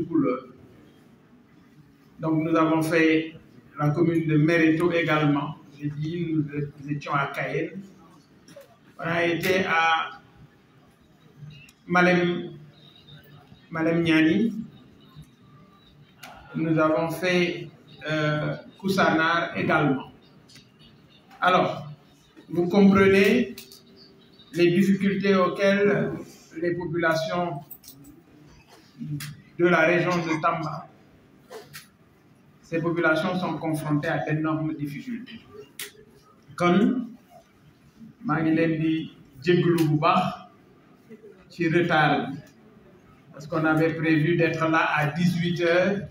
couleurs. Donc nous avons fait la commune de Mereto également. J'ai dit, nous, étions à Cayenne. On a été à Malem, Niani. Nous avons fait euh, Koussanar également. Alors, vous comprenez les difficultés auxquelles les populations de la région de Tamba, ces populations sont confrontées à d'énormes difficultés. Comme, je ngi parce qu'on avait prévu d'être là à 18h,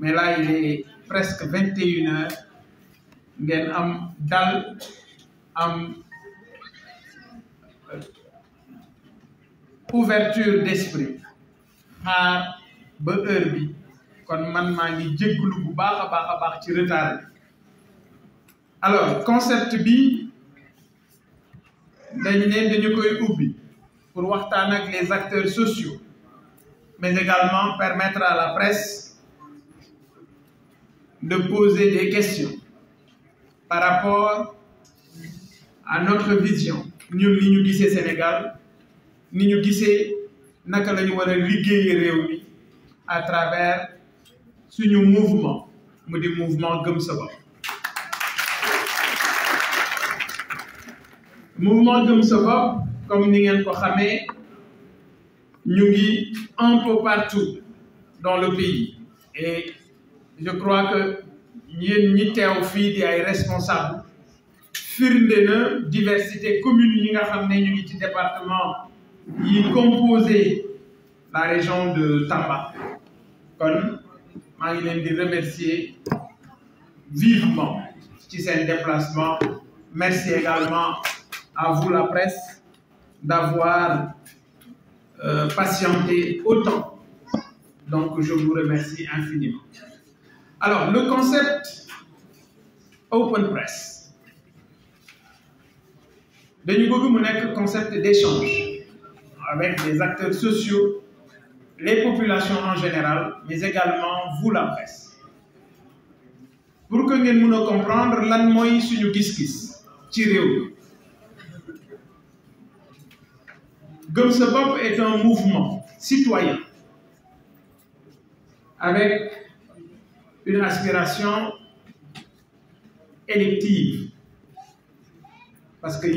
mais là il est presque 21h, euh, ouverture d'esprit ba heure bi kon man maa ngi jégglu bu baax a baax a baax ci retard alors concept bi dañ ne dañu koy ubbi pour waxtaan ak les acteurs sociaux mais également permettre à la presse de poser des questions par rapport à notre vision ñun ni ñu gisee Sénégal ni ñu gisee naka lañu war a réew mi à travers suñu mouvement le mouvement gëm Le mouvement gëm comme nous le ko nous vit un peu partout dans le pays et je crois que nous sommes responsables fii di ay responsable diversité commune yi nga xam dans département qui composé la région de Tamba kon maa ngi remercier vivement ci seen déplacement merci également à vous la presse d'avoir euh, patienté autant donc je vous remercie infiniment alors le concept open press dañu bëgg mu concept d'échange avec les acteurs sociaux les populations en général, mais également vous la presse pour que nous mën je comprendre lan mooy suñu gis est un mouvement citoyen avec une aspiration élective parce que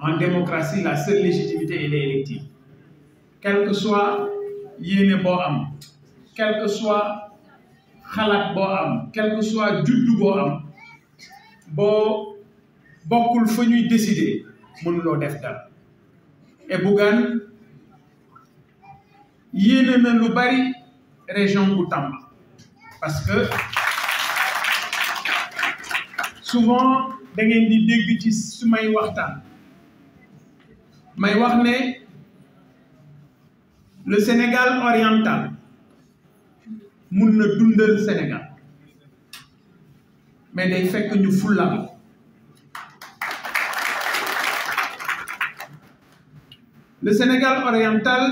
en démocratie la seule légitimité est élective quel que soit yéene boo quel que soit Khalak boo quel que soit Dudu boo am boo bokkul fa ñuy décider et Bougan yéene na région bu parce que souvent da ngeen di dégg ci sumay may le Sénégal oriental mun na dundal Sénégal mais day que ñu foulons. le Sénégal oriental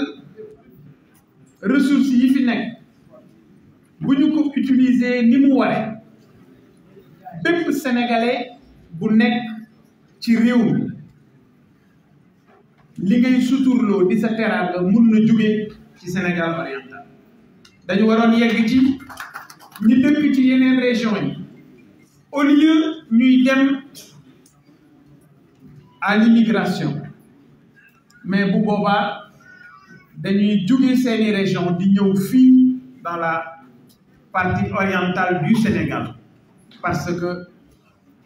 ressources yi fi nek nous ko utiliser ni mu sénégalais bu nek ci li ngay di sa teraanga mun na jóge ci Sénégal oriental dañu waroon yegg ci ñi dëkk ci yeneen région yi au lieu ñuy dem à l'immigration mais bu boobaa dañuy jóge seeni région di ñëw fii dans la partie orientale du Sénégal parce que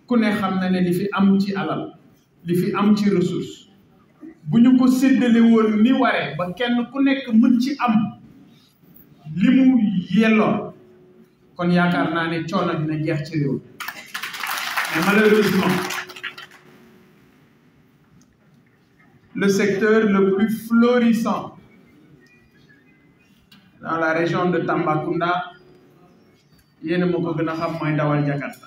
ku ne xam na ne li fi am ci alal li fi am ci ressource buñu ko séddale woon ni waree ba kenn ku nekk mën ci am li mu yelloon kon yaakaar naa ne coono dina jeex ci réew mais malheureusement le secteur le plus florissant dans la région de Tambacounda yéen a ma ko gën a xam mooy dawal Jakarta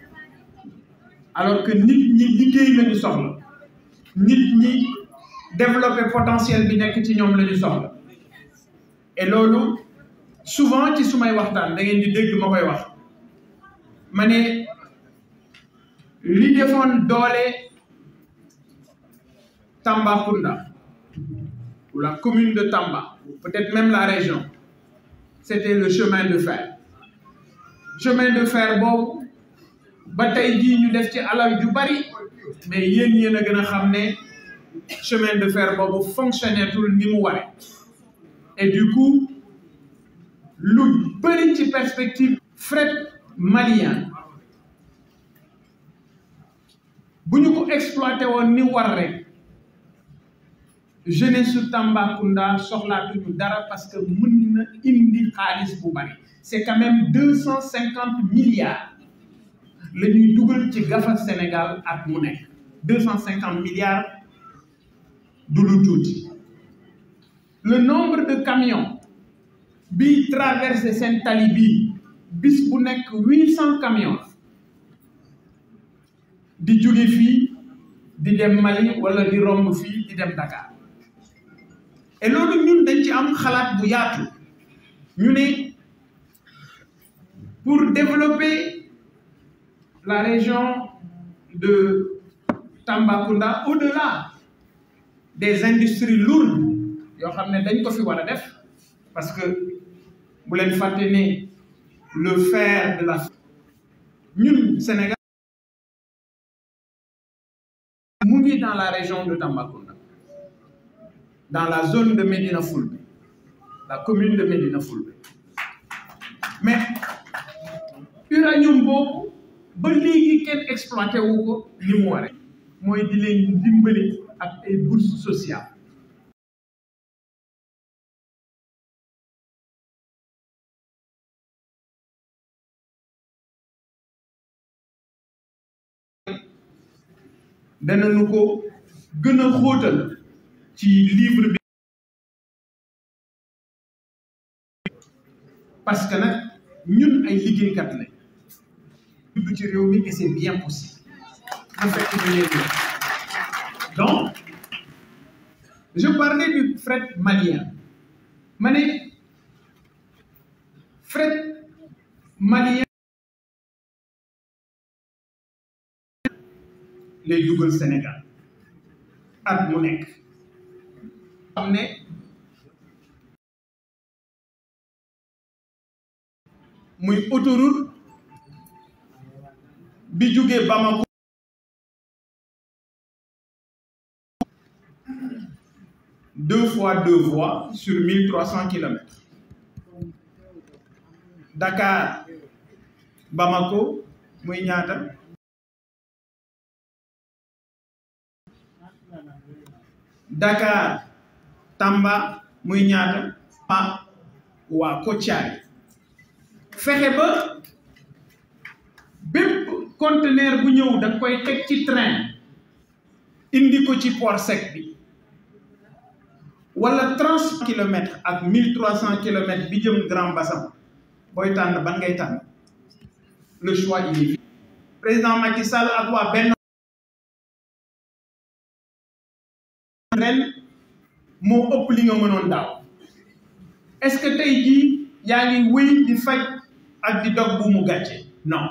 alors que nit ñi liggéey lañu ñu soxla nit ñi développer potentiel bi nekk ci ñoom lañu soxla et loolu souvent ci sumay waxtaan da ngeen di dégg ma koy wax ma ne li defoon doole kunda ou la commune de Tamba peut-être même la région c'était le chemin de fer chemin de fer boobu ba tay nous ñu def ci alaw ju bari mais yeen yéen gëna xamné chemin de fer pour fonctionner tout ni mu waré et du coup lu bëri ci perspective fret malien buñu ko exploité won ni war rek jeunesse kunda sur la dara parce que mën na indi xaliss bu bari c'est quand même 250 milliards la ñuy dugal ci gafa Sénégal at mu 250 milliards du lu le nombre de camions bi traversent sen tali bii bis bu nekk qui camions di jóge fii di dem Mali wala di romb fii di dem Dakar et loolu ñun dañ ci am xalaat bu yaatu ñu pour développer la région de Tambacounda au-delà des industries lourdes parce que vous voulez faire le fer de la ñun Sénégal nous dans la région de Tambacounda dans la zone de medina Foulbe, la commune de medina Foulbe. mais uranium beaucoup, ba léegi kenn exploité wu ko ni mu waree mooy di leen dimbali ak ay bourse sociale danañu ko gëna a ci livre bi parce que nag ñun ay liggéeykat la et c'est bien possible donc je parlais du fret malien Mané, fret malien le Google Sénégal À mu Amené, xam autoroute bi Bamako deux fois deux voies sur 1300 km. Dakar Bamako muy Dakar Tamba muy ou pa waa conteneur bu ñëw da koy teg ci train indi ko ci port sec bi wala 30 km ak 1300 km bi Grand Bassam le choix il est président Macky Sall ak li nga est-ce que tu as dit ngi oui di faj ak di dog bu mu non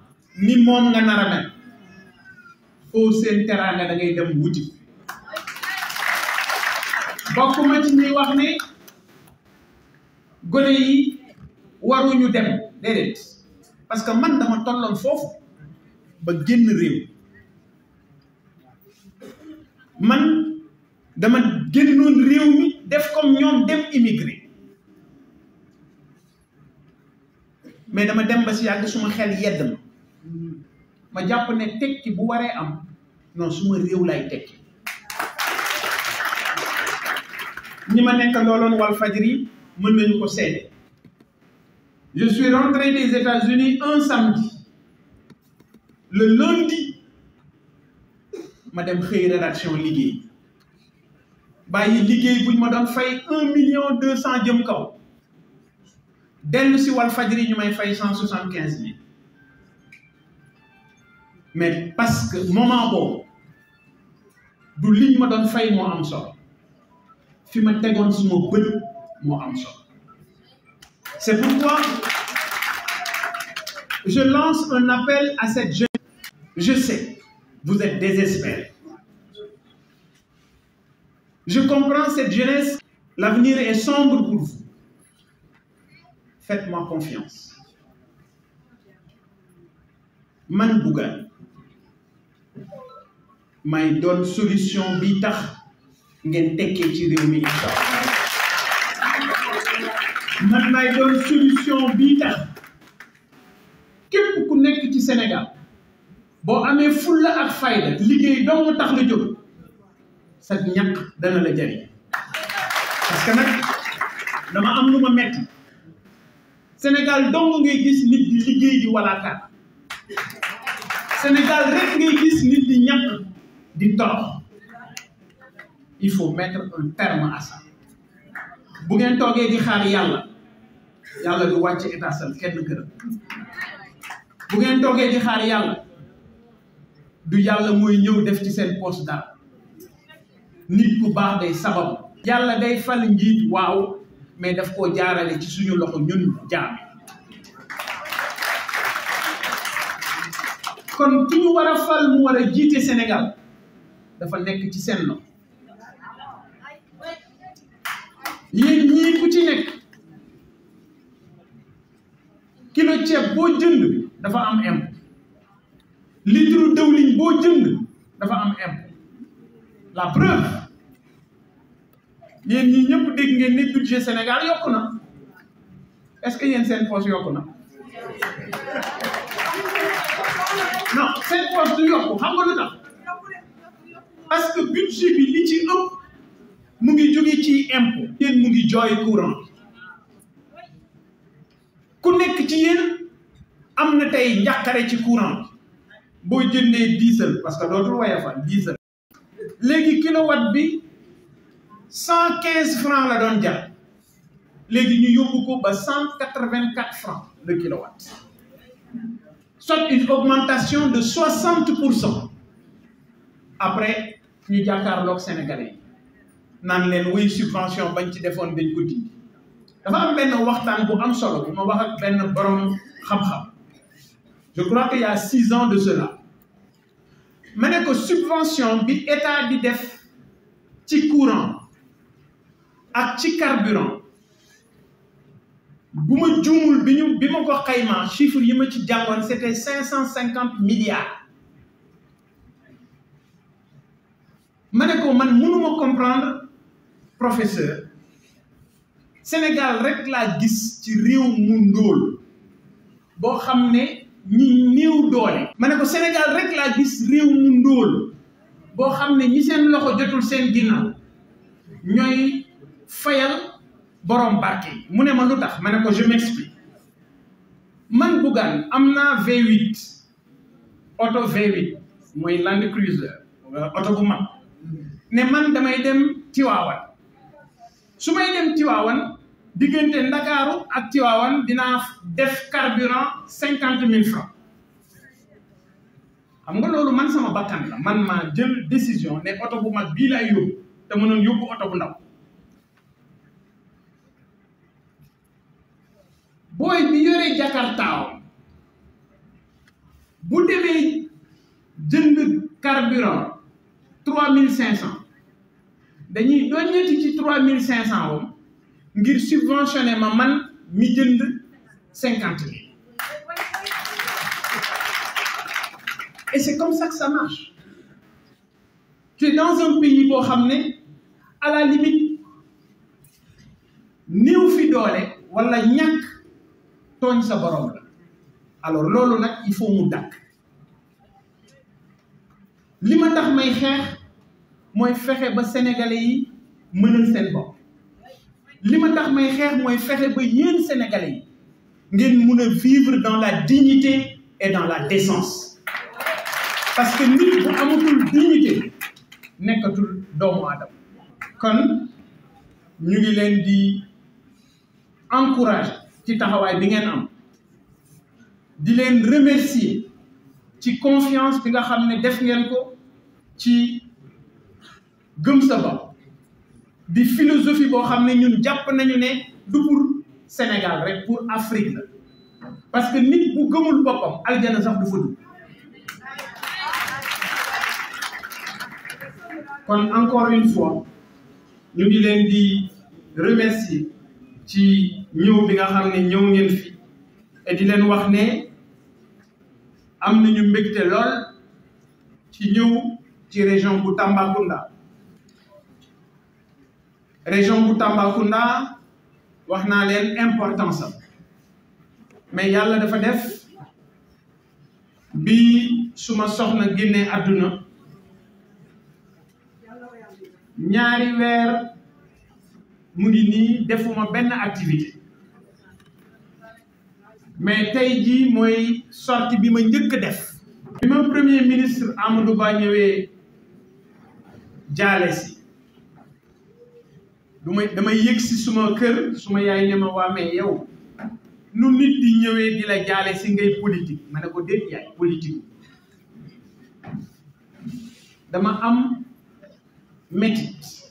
ni moom nga nar a mel seen teraanga da ngay dem wuti bokk ma ci ñuy wax ne gone yi waruñu dem déedéet parce que man dama tolloon foofu ba génn réew man dama génnoon réew mi def comme ñoom dem immigré mais dama dem ba si yàgg suma xel yedd ma ma ne bu non suma lay je suis rentré des États-Unis un samedi le lundi ma dem une rédaction liggéey fais liggéey buñ ma doon fay un million deux jëm kaw dellu si wal fajri ñu may mais parce que moment bon, du liñ ma donne fay mo am solo fi ma c'est pourquoi je lance un appel à cette jeunesse. je sais vous êtes désespérés je comprends cette jeunesse l'avenir est sombre pour vous faites-moi confiance man donne une solution bi tax ngeen tekkee ci réew mi solution bi tax képp ku nekk ci Sénégal boo amee fulla ak fayda liggéey dong tax jóg sa ñàkk dana la parce que je dama am lu ma Sénégal dong ngay gis nit di liggéey di Sénégal rek ngay gis nit di ñak di tok il faut mettre un terme à ça bu ngeen toogee di xaar yalla yalla du wacc état sal kenn gërëm bu ngeen toogee di xaar yalla du yalla moy ñew def ci sen poste da nit ku baax day sabab yalla day fal njit waaw mais daf ko jaarale ci suñu loxo ñun jaam kon ki ñu war a fal mu war a jiite Sénégal dafa nekk ci seen loxo yéen ñii ku ci nekk kilo ceeb boo jënd dafa am impôt litre dëwlin boo jënd dafa am impôt la preuve yéen ñii ñëpp dégg ngeen ne budget Sénégal yokku na est-ce que yéen seen poche yokku na Non, c'est quoi ce que tu as fait Parce que le budget de l'ITIOP, c'est un impôt. Il y a une joie courante. Connais que tu es là, tu as fait une carte courante. Si tu as fait diesel, parce que l'autre voyage, c'est un diesel. Les kilowatts, 115 francs la donne déjà. Les gens ont 184 francs le kilowatt soit une augmentation de 60% après ñu jàkkaarloog sénégalais nan len leen wuy subvention bañ ci defoon dañ ko dindi dafa am ben waxtan bu am solo bu ma wax ak ben borom xam-xam je crois qu'il y a six ans de cela ma que ko subvention bi état di def ci courant ak ci carburant bu ma juumul bima ñu bi ko xaymaa chiffre yi ma ci jàngoon c'était 550 milliards ma ko man mënuma comprendre professeur Sénégal rek la gis ci réew mu ndóol boo xam ñi néew doole ma ko Sénégal rek la gis réew mu ndóol boo xam ne ñi seen loxo jotul seen ginnaaw ñooy fayal borom barke mu ne ma lu tax ma ne ko je m'explique man Bougane am naa V8 oto V8 mooy Land Cruiser euh, oto bu mag ne man damay dem Tiwaawan su may dem Tiwaawan diggante Ndakaaru ak Tiwaawan dinaa def carburant cinquante mille francs xam nga loolu man sama bakkan la man maa jël décision ne oto bu mag bii lay yóbbu te mënoon yóbbu oto bu ndaw boy bi yore jakarta bu de jënd carburant 3500 dañuy doñati ci 3500 wum ngir subventionner ma man mi 50 000. et c'est comme ça que ça marche tu es dans un pays bo xamné à la limite néw fi doolé wala ñak tooñ sa borom la alors loolu nak il faut mu dak lima tax may xex moy fexé ba sénégalais yi mënal sen bop lima tax may xex moy fexé ba yeen sénégalais yi ngeen vivre dans la dignité et dans la décence parce que nit bu amatul dignité nekatul doomu adam kon ñu ngi leen di encourager ci taxaway bi ngeen am di leen remercier ci confiance bi nga xam ne def ngeen ko ci gëm sa ba di philosophie boo xam ne ñun jàpp nañu ne du pour Sénégal rek pour Afrique la parce que nit bu gëmul boppam aljana sax du fa dugg kon encore une fois ñu ngi leen di remercier ci ñëw bi nga xam ne ñëw ngeen fi et leen wax ne am na nañu mbégte lool ci ñëw ci région bu Tambacounda région bu Tambacounda wax naa leen importance am mais yàlla dafa def bi suma soxna génnee àdduna ñaari weer mu ngi nii defuma benn activité mais tey jii mooy sortie bi ma njëkk def bi ma premier ministre Amadou Ba ñëwee jaale si du may damay yëg si suma kër suma yaay ne ma waamee yow nu nit di ñëwee di la jaale si ngay politique ma ne yaay politique dama am metit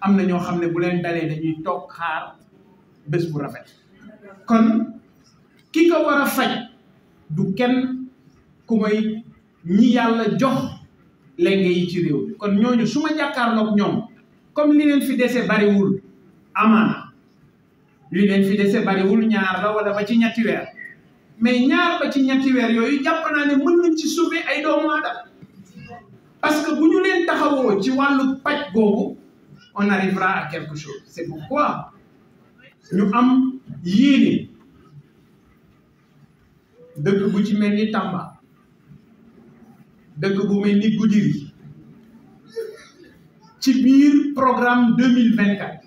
am na ñoo xam ne bu leen dalee dañuy toog xaar bés bu rafet kon ki ka war a faj du kenn ku may ñi yàlla jox lenge yi ci réew kon ñooñu suma ma jàkkaarloog ñoom comme li leen fi dese bariwul amaana li leen fi dese bariwul ñaar la wala ba ci ñetti weer mais ñaar ba ci ñetti weer yooyu jàpp naa ne mën nañ ci sauver ay doomu aadama parce bu ñu leen taxawoo ci wàllu paj googu on arrivera à quelque chose. C'est pourquoi nous avons yéné de bu ci Tamba Nous bu vous Nous ci programme 2024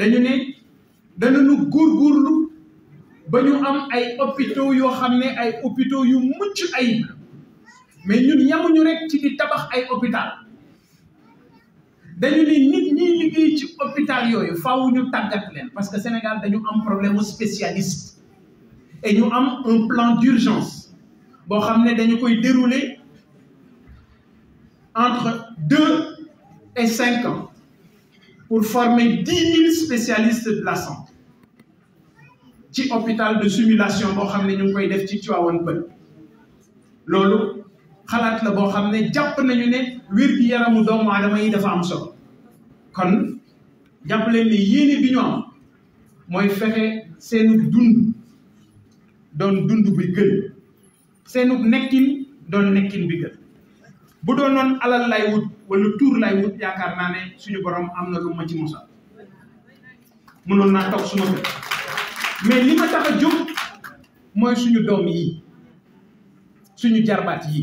nous nous hôpitaux yo ay hôpitaux yu mucc mais ñun rek ci nous avons des hôpitaux sont en parce que le Sénégal a un problème spécialistes et nous avons un plan d'urgence qui est déroulé entre 2 et 5 ans pour former 10 000 spécialistes de la santé. Dans hôpital de simulation, nous avons des hôpitaux qui sont en xalaat la boo xam ne jàpp nañu ne wér-gi-yaramu doomu aadama yi dafa am solo kon jàpp leen ne yéene bi ñu mooy fexe seen dund doon dund bi gën seenu nekkin doon nekkin bi gën bu doon noon alal lay wut wala tuur lay wut yaakaar naa ne suñu borom am na lu ma ci musal mënoon naa toog suma kër mais li ma tax a mooy suñu doom yi suñu jarbaat yi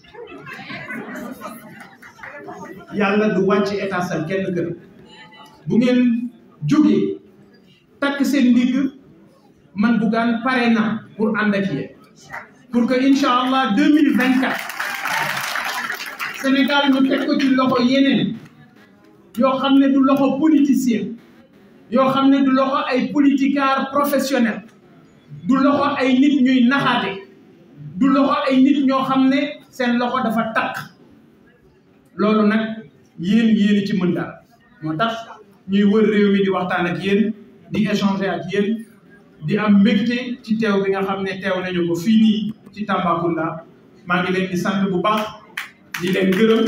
yàlla du wàcc état sam kenn kër bu ngeen jógee takk seen ndigg man Bougane pare na pour ànd ak yéen pour que incha allah deux mille vingt quatre Sénégal ñu teg ko ci loxo yeneen yoo xam ne du loxo politicien yoo xam ne du loxo ay politicards professionnels du loxo ay nit ñuy naxaate du loxo ay nit ñoo xam ne seen loxo dafa takk loolu nag yéen yéen ci mën daal moo tax ñuy wër réew mi di waxtaan ak yéen di échanger ak yéen di am mbégte ci teew bi nga xam ne teew nañu ko fii nii ci Tambacounda maa ngi leen di sant bu baax di leen gërëm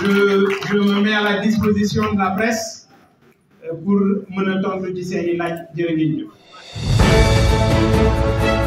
je je me mets à la disposition de la presse euh, pour mën a tontu ci seen i laaj jërë ngeen jëf.